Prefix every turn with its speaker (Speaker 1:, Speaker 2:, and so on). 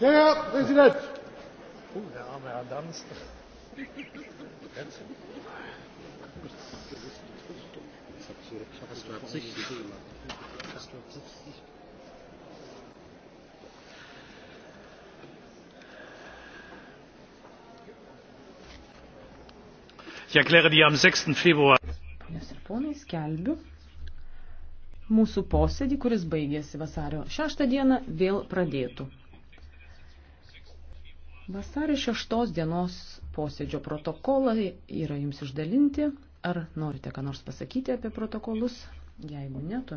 Speaker 1: Ja, ja, president. Oeh, de arme Adams.
Speaker 2: Ich erkläre die am 6. Februar.
Speaker 3: Ponios ir ponai, skelbiu mūsų posėdį, kuris baigėsi vasario 6 dieną, vėl pradėtų. Vasario 6 dienos posėdžio protokolai yra jums išdalinti. Ar norite ką nors pasakyti apie protokolus?
Speaker 4: Jeigu ne, tuomet.